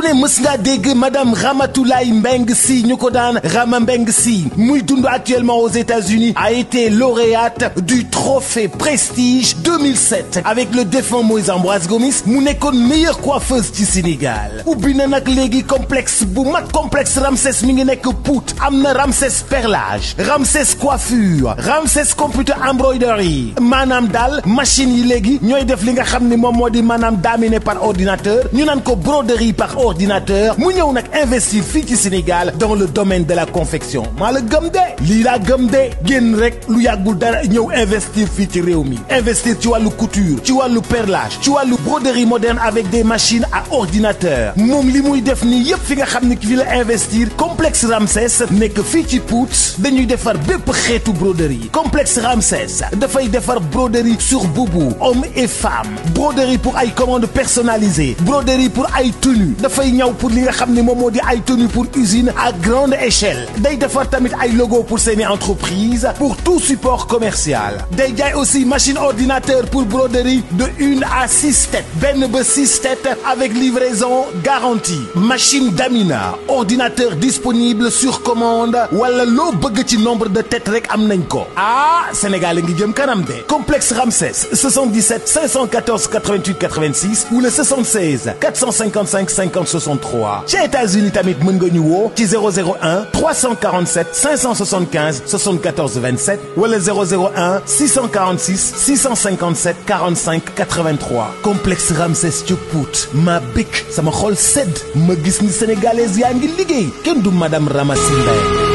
ku ne mës ngaa dégg madame Ramatoulaye Mbengue Sy ñu ko daan Rama Mbengue Sy muy dund actuellement aux États-Unis a été lauréate du trophée Prestige 2007 avec le défunt Moïse Ambroise Gomis mu nekkoon meilleure coiffeuse ci Sénégal ubbi na nag léegi complexe bu mag complexe Ramsès mi ngi nekk Pout am na Ramsès perlage Ramsès coiffure Ramsès computer embroidery maanaam daal machine yi léegi ñooy def li nga xam ni moom moo di maanaam daminé par ordinateur ñu naan ko broderie par ordinateur mu ñëw nag investir fii ci Sénégal dans le domaine de la confection maa la gëm de lii laa gëm de génn rek lu yàggul dara ñëw investir fii ci réew mi investir ci wàllu couture ci wàllu perlage ci wàllu broderie moderne avec des machines à ordinateur moom li muy def nii yépp fi nga xam ne fi la investir complexe Ramsès nekk fii ci Pout dañuy defar bépp xeetu broderie complexe Ramsès dafay defar broderie sur boubou hommes et femmes broderie pour ay commandes personnalisées broderie pour ay tenues dafay ñaw pour li nga xam ne moom moo di ay tenue pour usine à grande échelle day defar tamit ay logo pour seeni entreprise pour tout support commercial day jaay aussi machine ordinateur pour broderie de une à six têtes benn ba six têtes avec livraison garantie machine damina ordinateur disponible sur commande wala loo bëgg ci nombre de têtes rek am nañ ko ah Sénégal a ngi jëm kanam de complexe Ramsès 77 514 88 86 ou le 76 455 50 63 ca uni tamit mën nga ñu woo ci 001 347 575 74 27 wala 001 646 657 45 83 complexe Ramsès Diop Pout ma bég sama xol sedd ma gis ni sénégalais yaa ngi liggéey kenn du madame Ramassi Mbaye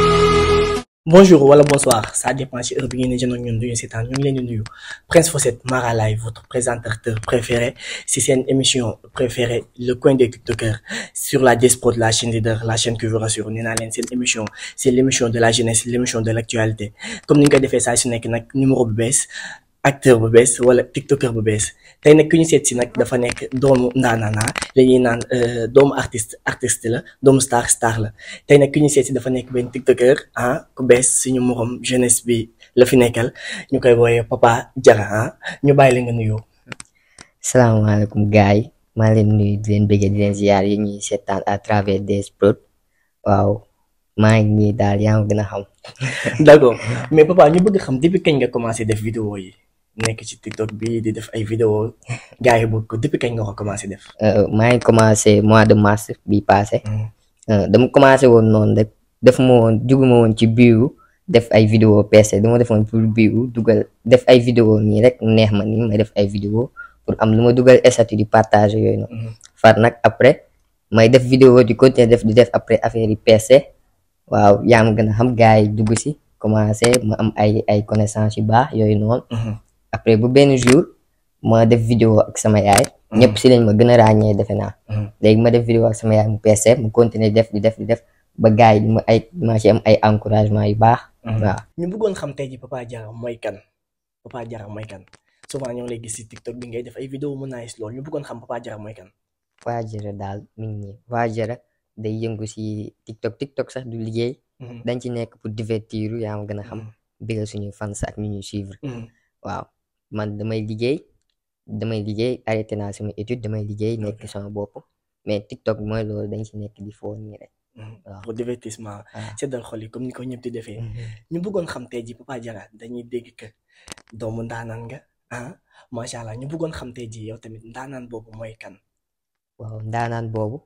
bonjour wala bonsoir ça dépend ci heure bi ngeen di jënd ak ñun duñu seetaan ñu ngi leen di nuyu Prince Fawcett Mara Live votre présentateur préféré ci seen émission préférée le coin des tiktokers sur la DS la chaîne leader la chaîne qui vous rassure nee naa leen émission c'est l'émission de la jeunesse l'émission de l'actualité comme ni ñu koy defee saa su nekk nag numéro bu acteur bu bees wala tiktoker bu bees tey nag ki ñu seet si nag dafa nekk doomu ndaanaana la ñuy naan euh, doomu artiste artiste la doomu star star la tey nag ki ñu seet si dafa nekk benn tiktoker ah ku bees suñu morom jeunesse bi la fi nekkal ñu koy wooyee Papa Diarra ah ñu bàyyi la nga nuyoo. salaamaaleykum gars yi maa leen nuyu di leen bëggee di leen ziar yi ñuy seetaan à travers des Prod waaw maa ngi nii daal yaa ngi gën a xam. d'accord mais papa ñu bëgg xam depuis kañ nga commencé def vidéo yi. nekk ci TikTok bi di def ay vidéo gars yi bëgg ko depuis kañ commencé def. Euh, maa ngi commencé mois de mars bi passé. Mm. Euh, dama commencé woon noonu rek def ma woon juguma woon ci biiru def ay vidéo PC dama defoon pour biiru dugal def ay vidéo nii rek neex ma nii may def ay vidéo pour am lu ma dugal statut di partage yooyu noonu. Mm. far nag après may def vidéo di continuer def di def après affaire yi PC waaw yaa ma gën a xam gars yi dugg si commencé ma am ay ay connaissance yu baax yooyu noonu. Mm-hmm. après bu benn jour ma def vidéo ak sama yaay. Hmm. ñëpp si lañ ma gën a ràññee defe naa. Hmm. léegi ma def vidéo ak sama yaay mu peese mu continuer def di def di def ba gars yi ma ay ma ci am ay encouragement yu baax. Hmm. waaw ñu bëggoon xam tey ji Papa Diarra mooy kan Papa Diarra mooy kan souvent ñoo ngi lay gis si TikTok bi ngay def ay vidéo mu nice lool ñu bëggoon xam Papa Diarra mooy kan. Papa Diarra daal mi ngi nii Papa Diarra day yëngu si TikTok TikTok sax du liggéey. dañ ci nekk pour divertir yaa ma gën a xam. bégal suñuy fans ak ñu ñuy suivre. waaw. man damay liggéey damay liggéey arrêté naa sama étude damay liggéey nekk sama bopp mais TikTok mooy loolu dañ si nekk di foo nii rek. Mm-hmm. waaw pour divertissement. Ah. seddal yi comme ni ko ñëpp di defee. Mm-hmm. ñu bëggoon xam tey ji Papa Diarra dañuy dégg que doomu ndaanaan nga ah macha ñu bëggoon xam te ji yow tamit ndaanaan boobu mooy kan. waaw ndaanaan boobu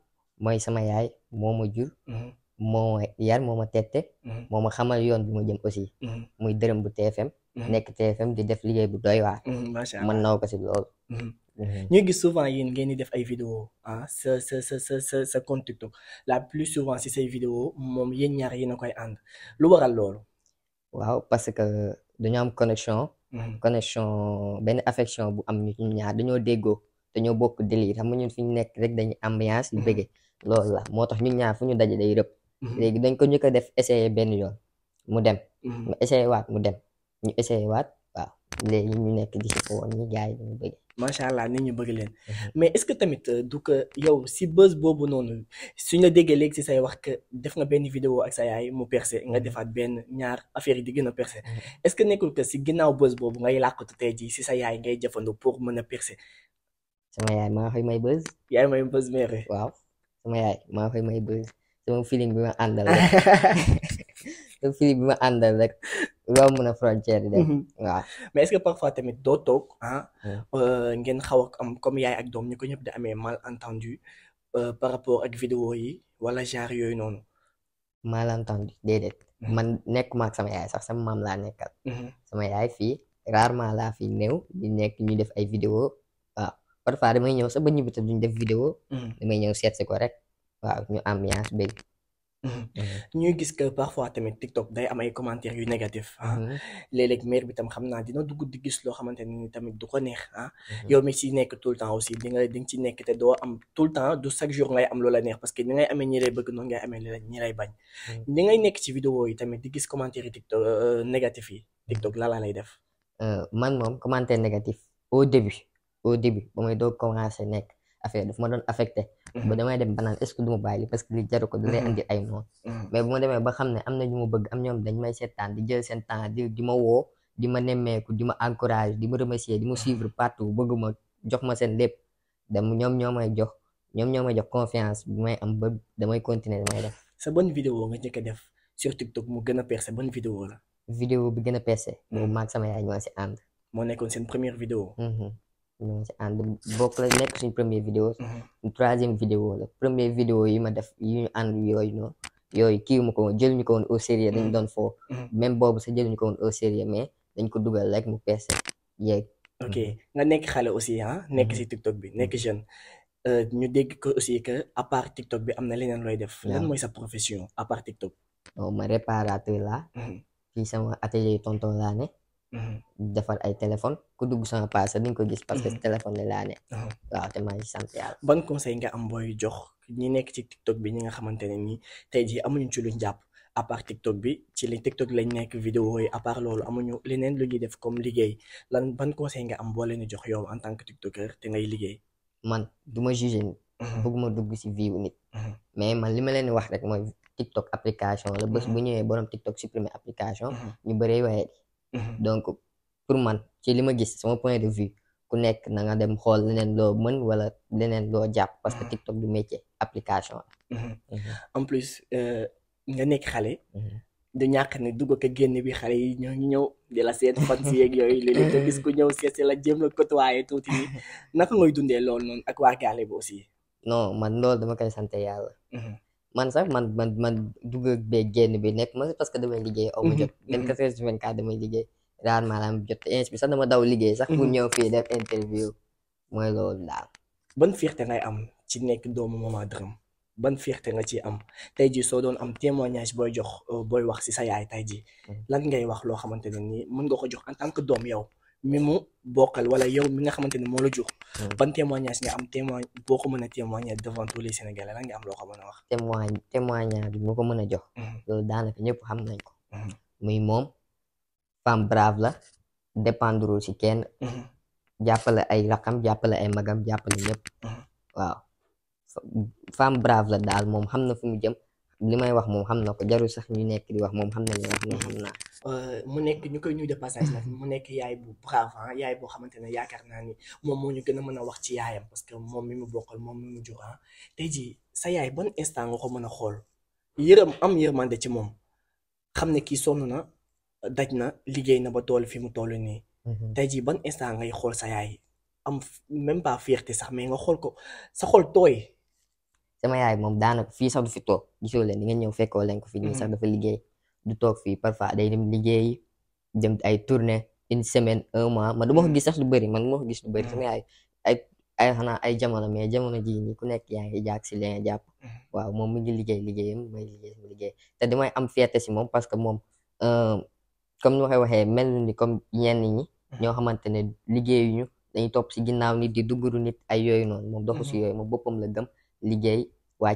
mooy sama yaay moo ma jur. Mm-hmm. moo ma yar moo ma tette. moo ma xamal yoon bi ma jëm aussi. muy dërëm bu TFM. Mhm. nekk TFM di def liggéey bu doy waar. Mhm, macha man naw ko si loolu. Mhm. ñuy gis souvent yéen ngeen di def ay vidéo ah sa sa sa sa sa la plus souvent si say vidéo moom yéen ñaar yéen a koy ànd lu a loolu. waaw parce que dañoo am connexion. connexion benn affection bu am ñu ñaar dañoo déggoo dañoo bokk délire xam nga ñun fi ñu nekk rek dañuy ambiance lu bëggee loolu la moo tax ñun ñaar fu ñu daje day rëpp. léegi dañ ko ñu ko def essayer benn yoon mu dem. mu essayer waat mu dem. ñu essayé waat waaw léegi ñu nekk di si woon macha allah nit ñu bëgg leen mhm. mais est-ce que tamit euh, du ko yow si buzz boobu noonu suñ la déggee léegi si say wax def nga benn vidéo ak sa yaay mu percé nga mhm. defaat benn ñaar affaire yi di gën a percé mhm. est-ce nekkul que si ginnaaw buzz boobu ngay làkkatu tey jii si sa yaay ngay jëfandoo pour mën a percé. sama yaay maa koy may buzz. yaay may buzz mère. waaw sama yaay maa koy may buzz sama feeling bi ma àndal fii bi ma àndal rek loo na a frontière waa dem mhm. waaw que parfois tamit doo toog ah euh, ngeen xaw ak am comme yaay ak doom ñu ko ñëpp di amee malentendu euh, par rapport ak vidéo yi wala genre yooyu noonu malentendu déedéet mhm. man nekk ak sama yaay sax sama maam laa nekkal mhm. sama yaay fii rarement fi néew di nekk ñu def ay vidéo waaw parfois damay ñëw sa ba ñibbi te duñ def vidéo damay ñëw seet si ko rek waaw ñu ambiance bëgg Mm-hmm. Eh. ñuy gis que parfois tamit TikTok day am ay commentaires yu négatif ah mm-hmm. léeg-léeg mère bi tam xam naa dina dugg di gis loo xamante ne ni tamit du ko neex ah mm-hmm. yow mi si nekk tout le temps aussi di nga di nga ci nekk te doo am tout le temps du ngay am loola neex parce que ni ngay amee ñi lay bëgg noonu ngay amee ñi lay bañ ni ngay nekk ci vidéo yi tamit di gis commentaires yi TikTok euh, euh, négatif yi TikTok la laa lay def euh, man moom commentaire négatif au début au début ba may doog commencé nekk affaire daf man doon affecté Mm-hmm. ba damay dem ba naan est-ce que du ma parce que li jaru ko du lay andi mm-hmm. ay noonu mm-hmm. mais bu ma demee ba xam ne am na ñu ma bëgg am ñoom dañ may seetaan di jël seen temps di ma woo di ma nemmeeku di ma encourage di ma remercier di ma suivre partout bëgg ma jox ma seen lépp dem ñoom ñoo may jox ñoom ñoo may jox confiance bi may am ba damay continuer damay def sa ban vidéo nga njëkk a def sur TikTok mu gën a percé ban vidéo la vidéo bi gën a percé boobu maag sama yaay ñoo ànd moo nekkoon s première Um e and bokk la nekk suñ première vidéo troisième vidéo la première vidéo yi ma def yu ñu ànd yooyu yooyu kii mu ko woon jëluñu ko woon au sérieux dañ doon foo même boobu sax jëluñu ko woon au sérieux mais dañ ko dugal rek mu peese yeeg ok nga nekk xale aussi ah nekk si TikTok bi nekk jeune euh, ñu dégg ko aussi que à part TikTok bi am na leneen looy def lan mooy sa profession à part TikTok oh, ma réparateur la fii sama atelier tonton laa ne Mm-hmm. defar ay téléphone ku dugg sama page sax nga ko gis parce que mm-hmm. téléphone la laa ne mm-hmm. waaw te maa ngi sant yàlla ban conseil nga am booy jox ñi nekk ci TikTok bi ñi nga xamante ne nii tey jii amuñu ci luñ jàpp à part TikTok bi ci li TikTok lañ nekk vidéo yi à part loolu leneen lu ñuy def comme liggéey lan ban conseil nga am boo leen jox yow en tant que TikToker te ngay liggéey man du ma jugé nit bëgguma dugg si vie nit mais man li ma leen wax rek mooy TikTok application la bés bu ñëwee borom TikTok supprimer application ñu bëree Mm-hmm. donc pour man ci li ma gis sama point de ku nekk na nga dem xool leneen loo mën wala leneen loo jàpp parce que mm-hmm. TikTok du métier application mm-hmm. en plus euh, nga nekk xale du ñàkk ni dugg ko génn bi xale yi ñoo ñëw di la seet fan si yeeg yooyu léeg-léeg nga gis ku ñëw seet si la jëm la côtoyé tuuti nii naka ngay dundee lool noonu ak waa gaale bi aussi no man loolu dama koy sante yàlla man sax man man man dugg ak bee génn bi nekk ma parce que damay liggéey aw ma mhm. jot. vingt quatre mhm. heures sur damay liggéey rarement laa jot te inch bi sax dama daw liggéey sax. pour mhm. ñëw fii def interview mooy loolu daal. ban fierté ngay am ci nekk doomu Mama Deureum ban fierté nga ci am tey jii soo doon am témoignage booy jox euh, booy wax si sa yaay tey ji lan ngay wax loo xamante ne nii mën nga ko jox en tant que doom yow. mi mu bokkal wala yow mi nga xamante ne moo la jox. Hmm. ban témoignage nga am boo ko mën a témoigner devant tous les Sénégalais lan nga am loo a wax. moo ko mën a jox. Hmm. loolu daanaka ñëpp xam nañ ko. Hmm. muy moom femme brave la dépendre ci kenn. jàppale ay rakam jàppale ay magam jàppale ñëpp. waaw femme brave la daal moom xam na fu mu jëm li may wax moom xam na ko jarul sax ñu nekk di wax moom xam nañ wax moom xam naa. Euh, mu nekk ñu koy nuyu de passage nag mu nekk yaay bu brave ah, yaay boo xamante ne yaakaar naa ni moom moo ñu gën a mën a wax ci yaayam parce que moom mi mu bokkal moom mi mu jur ah jii sa yaay ban instant nga mën a xool yërëm am yërmande ci moom xam ne kii sonn na daj na liggéey na ba tool fi mu toll nii. Mhm. tey jii ban instant ngay xool sa yaay am même pas fierté sax mais nga xool ko sa xol tooy. sama yaay moom daanaka fii sax du fi toog gisoo leen di ngeen ñëw fekkoo leen ko fi. nii sax mm. dafa liggéey. du toog fii parfois day dem liggéeyi dem ay tournée une semaine un mois man du ma ko gis sax lu bëri man du ma ko gis lu bëri sama yaay ay ay xanaa ay jamono mais jamono jii nii ku nekk yaa ngi jàpp si li nga jàpp mm-hmm. waaw moom mi ngi liggéey liggéeyam may liggéey sama liggéey te damay am fierté si moom parce que moom euh, comme nu ma waxee mel ni comme ñenn ñi mm-hmm. ñoo xamante ne ñu dañu topp si ginnaaw nit di duguru nit ay yooyu noonu moom doxu si mm-hmm. yooyu moom boppam la gëm liggéey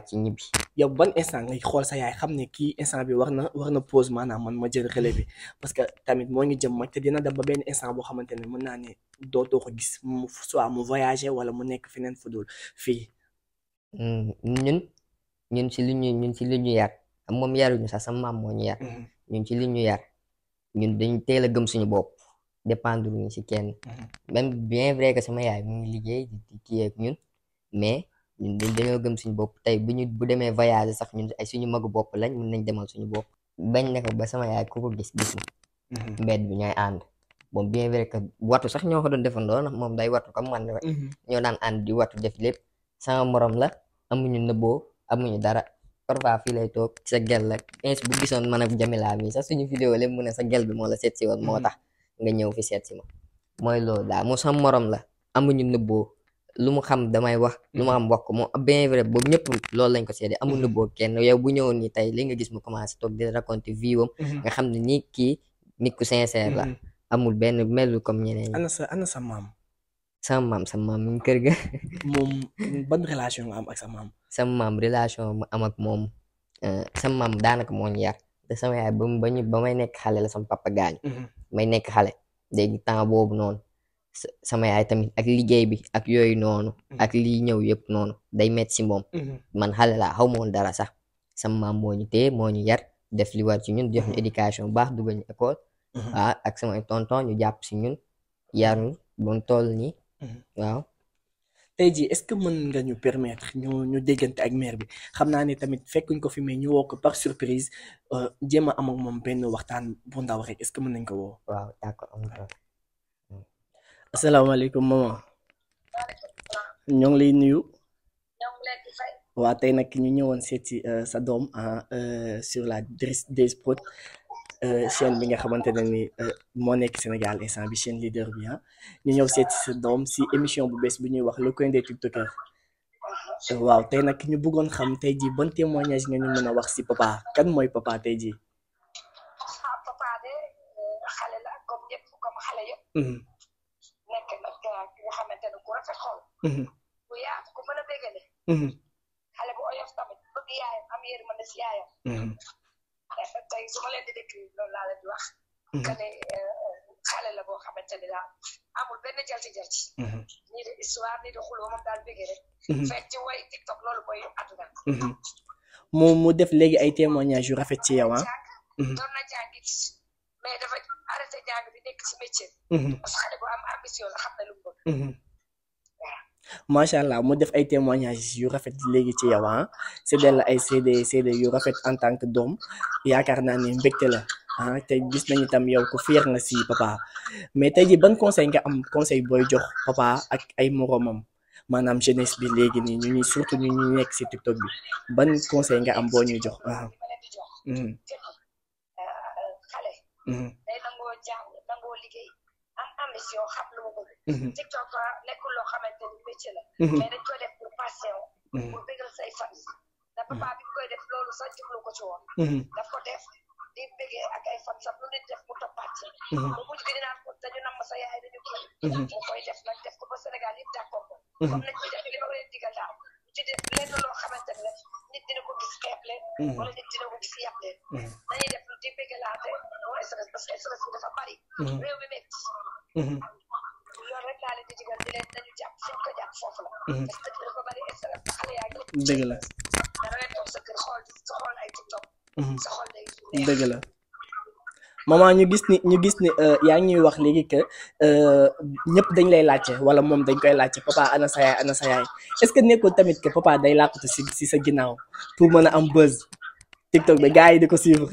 ci ñibbi. yow ban instant ngay xool sa yaay xam ne kii instant bi wax na war na pause maanaam man ma jël relais bi parce que tamit moo ngi jëm mag te dina dem ba benn instant boo xamante ne mën naa ne dootoo ko gis mu soit mu voyager wala mu nekk feneen fu dul fii. Hmm, ñun ñun si li ñu ñun si li ñu yar moom yaruñu sax sama maam moo ñu yar. Hmm. ñun ci li ñu yar ñun dañu teel a gëm suñu bopp dépendre ñu si kenn. Hmm. même bien vrai que sama yaay mu liggéey di kii ñun ñun dañ dañoo gëm suñu bopp tey bu ñu bu demee voyage sax ñun ay suñu magu bopp lañ mun nañ demal suñu bopp bañ na ba sama yaay ku ko gis gis ma mhm. bi ñooy ànd bon bien vrai que ñoo ko doon defandoo ndax moom day watu comme man rek mhm. ñoo daan ànd di watu def lépp sama morom la amuñu nëbboo amuñu dara parfois fii lay toog sa gel la ins bu gisoon man ak Jamila mi sax suñu vidéo lépp mu ne sa gel bi moo la seet si woon moo mhm. tax nga ñëw mooy loolu daal mu sama morom la amuñu nëbboo lu mu xam damay wax lu mu mhm. am wax ko moom bien vrai boobu ñëpp loolu lañ ko seede amul na mhm. boobu kenn yow bu ñëwoon nii tey li nga gis mu commencé toog di raconté vie mhm. nga xam ne nii kii nit ku la amul benn melu comme ñeneen ñi ana sa ana sa maam sa maam kër ga moom ban relation am ak sa maam sa relation mu am moom euh, sa maam daanaka moo yar te sama yaay ba ba may nekk xale la sama papa gaañu may nekk xale léegi temps boobu noonu sama yaay tamit ak liggéey bi ak yooyu noonu mm-hmm. ak lii ñëw yëpp noonu day metti si moom mm-hmm. man xale laa xaw ma dara sax sama maam moo ñu moo ñu yar def li war ci ñun jox ñu mm-hmm. éducation bu baax dugal ñu école waaw ah, ak samay tonton ñu jàpp si ñun yarul bon toll ni waaw jii est-ce que mën nga ñu permettre ñu ñu déggante ak maire bi xam naa ni tamit fekkuñ ko fi mais ñu woo ko par surprise euh, jéem a am moom benn waxtaan bu ndaw rek est-ce que mën nañ ko woo asalaamaaleykum maman ñoo ngi lay nuyu waa tey nag ñu ñëwoon seet si euh, sa doom ah, euh, sur la DS Prod euh, chaîne bi nga xamante ne ni moo nekk Sénégal instant bi chaîne leader bi ah. ñu ñëw seet sa doom si émission bu bees bu ñuy wax le coin des tiktokers waaw tey nag ñu bëggoon xam tey jii bon témoignage nga ñu mën a wax si papa kan mooy papa tey jii. Ah, Mm-hmm. bu yaatu ku mën a bégale mm-hmm. xale bu oyof tamit bëgg yaayam am yërmande si yaayam mm-hmm. tey su ma leen di dégg loolu laa ne euh, xale la benn jalti jalti nii de histoire nii de xuloo moom daal bégee rek mu def léegi ay témoignage yu rafet ci yow ah mais dafa arrêté jàng bi nekk ci métier parce que xale bu ambition la xam na lu macha allah mu def ay témoignages yu rafet léegi ci yow ah séddale la ay CD CD yu rafet en tant que doom yaakaar naa ne mbégte la ah tey gis nañ tam yow ku fier nga si papa mais tey ji ban conseil nga am conseil booy jox papa ak ay moroomam maanaam jeunesse bi léegi nii ñu ñuy surtout ñu ñuy nekk si TikTok bi ban conseil nga am boo ñuy jox ah. mm-hmm. Mm-hmm. am ambition xam lu mu bëgg. Mhm. TikTok nekkul loo xamante ni métier la. Mhm. mais dañ koy def pour passion. Mhm. pour bégal say bi koy def loolu sax jublu ko ci daf ko def di bégee ak ay fan sax lu nit def pour toppaat ci. bu mujj gi dinaa ko dañu namm sa yaay dañu koy. koy def nag def ko ba Sénégal yëpp d'accord ko. comme nañ def li ma leen ci lenn loo xamante ko gis xeeb leen. Mhm. wala ko gis yàq mhm. mhm. leen. dañuy da ngay toog sa kër xool maman ñu gis ni ñu gis ni euh, yaa ñuy wax léegi que euh, ñëpp dañ lay laajte wala moom dañ koy laajte papa ana sa yaay ana sa yaay est-ce que nekkul tamit que papa day làqatu si sa ginnaaw pour mën a am buzz TikTok bi gars yi di ko suivre.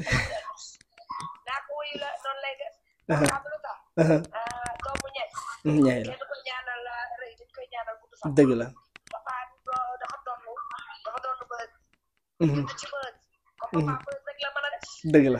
dëgg la.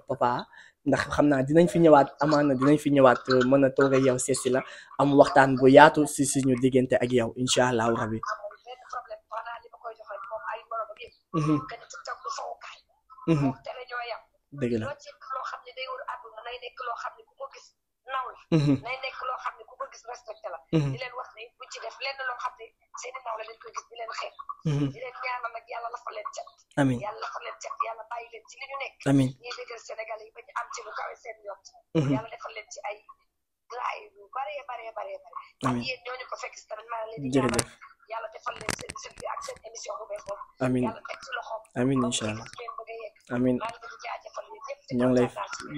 papa ndax xam naa dinañ fi ñëwaat amaana dinañ fi ñëwaat euh, mën a toog ak yow si la am waxtaan bu yaatu si suñu diggante ak yow incha allahu rabi. Mm-hmm. Mm-hmm. dëgg wax ne bu seen i nawle dañ koy gis ngi leen di ñaanal yàlla defal allah amiin ñoo ngi lay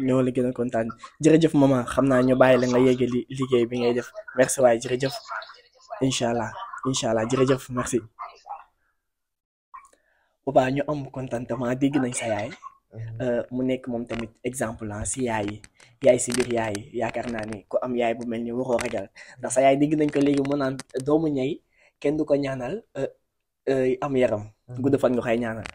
ñoo la gën xam naa ñu bàyyi la nga yéegali liggéey bi ngay def merci waay jërëjëf incha allah incha allah jërëjëf merci Papa ñu am contentement dégg nañ sa yaay mhm. euh, mu nekk moom tamit exemple la si yaay yi yaay si biir yaay yi yaakaar naa ni ku am yaay bu mel ni waroo ragal ndax sa yaay dégg nañ ko léegi mu naan doomu ñay kenn du ko ñaanal euh, euh, am yaram mhm. gudd fan nga koy ñaanal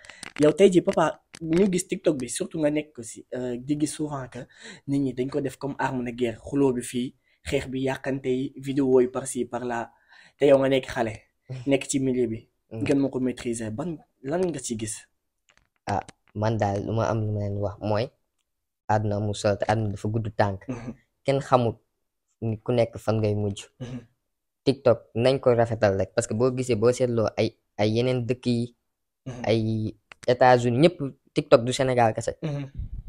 yow tey ji papa ñu gis TikTok bi surtout nga nekk ko si di gis souvent que nit ñi dañ ko def comme arme de guerre xuloo bi fii xeex bi yàqante yi vidéo yi par par là te yow nga nekk xale. nekk ci milieu bi. Mm. gën ma ko maîtriser ban lan nga ci gis. ah man daal lu ma am lu ma leen wax mooy. na mu sol te àdduna dafa gudd tànk. Mm-hmm. kenn xamut ku nekk fan ngay mujj. Mm-hmm. TikTok nañ ko rafetal rek parce que boo gisee boo seetloo ay ay yeneen dëkk yi. Mm-hmm. ay États-Unis ñëpp TikTok du Sénégal kese.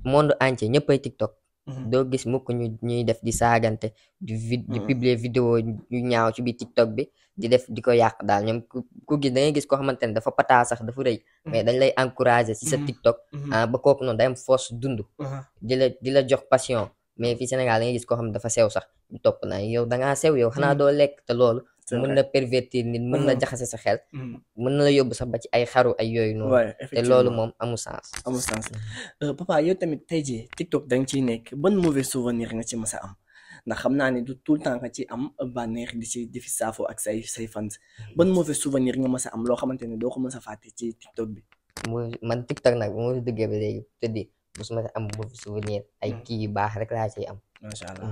monde entier ñëppay TikTok. Mm-hmm. doo gis mukk ñu ñuy def di saagante di di mm-hmm. publier vidéo yu ñaaw ci biir TikTok bi di def di ko yàq daal ñoom ku gis da ngay gis koo xamante ne dafa pataa sax dafa rëy mm-hmm. mais dañ lay encourager ci sa TikTok ah ba kooku noonu day am force dund uh-huh. di la di la jox passion mais fii Sénégal da ngay gis koo xam ne dafa sew sax ñu topp na yow dangaa sew yow xanaa doo lekk te loolu mën na pervertir nit mën na hmm. jaxase sa xel hmm. mën na la yóbbu sax ci ay xaru ay yooyu noonu loolu moom amul sens amul sens hmm. euh, papa yow tamit tey jii TikTok da nga ciy nekk ban mauvais souvenir nga ci mës a am ndax xam naa ne du tout le temps nga ci am bànneex di ci di saafo ak say say fans ban mauvais souvenir nga mës a am loo xamante ne doo ko mës a fàtte ci TikTok bi man TikTok nag bu ma si duggee ba léegi tëddi mosuma am mauvais souvenir ay kii yu baax rek laa ciy am macha allah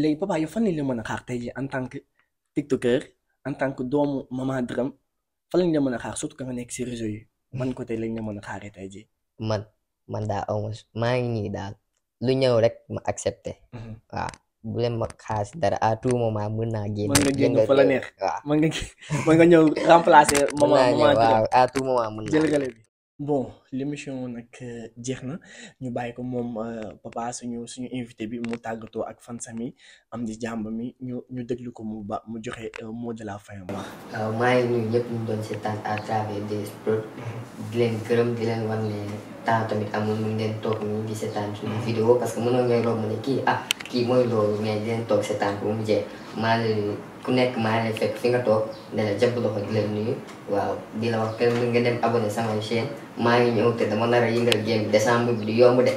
léegi papa yow la mën a xaar tey tiktokeur en tant que doomu Mama Dram fa lañ la mën a xaar surtout que nga nekk si réseau yi man côté lañ la mën a xaaree tey jii. man man daa aw ma ngi nii daal lu ñëw rek ma accepté. Mhm. waaw bu leen ma xaas dara à tout moment mën naa génn. mën nga génn fa la neex nga mën nga ñëw remplacer. naa ñëw waaw à tout moment naa bon l'émission nag euh, jeex na ñu bàyyi ko moom euh, papa suñu suñu invité bi mu tàggatoo ak fansami am di jàmb mi ñu ñu déglu ko mu ba mu joxe euh, mot de la fin wax waaw maa ngi nuyu ñëpp ñu doon seetaan à travers DSprod di leen gërëm di leen wan ne temps tamit amul ñu ngi leen toog ñu di seetaan suñu vidéo parce que mënoo ngay romb ne kii ah kii mooy loolu mais leen toog seetaan ko mu jeex maa lay ku nekk maa lay fekk fi nga toog ne la jàpp loxo di la nuyu waaw di la wax kër nga dem abonné sama chaîne maa ngi ñëw te dama nar a yëngal game bi décembre bi du yomb de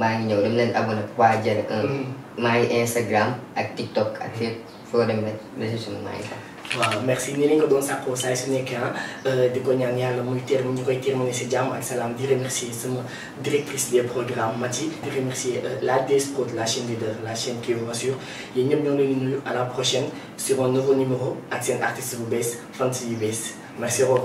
maa ngi ñëw dem leen abonné Papa Diarra 1 mm. maa ngi Instagram ak TikTok ak fépp foo dem rek réseau maa ngi fa. waaw merci ni lañ ko doon sàkkoo saay su nekk ah, euh, di ko ñaan yàlla muy terme ñu koy terminer si jàmm ak salaam di remercier sama directrice des programmes Mathi di remercier euh, la DS Prod la chaîne leader la chaîne qui vous rassure yéen ñëpp ñoo ngi leen nuyu à la prochaine sur un nouveau numéro ak seen artiste bu bees fan si yu bees merci au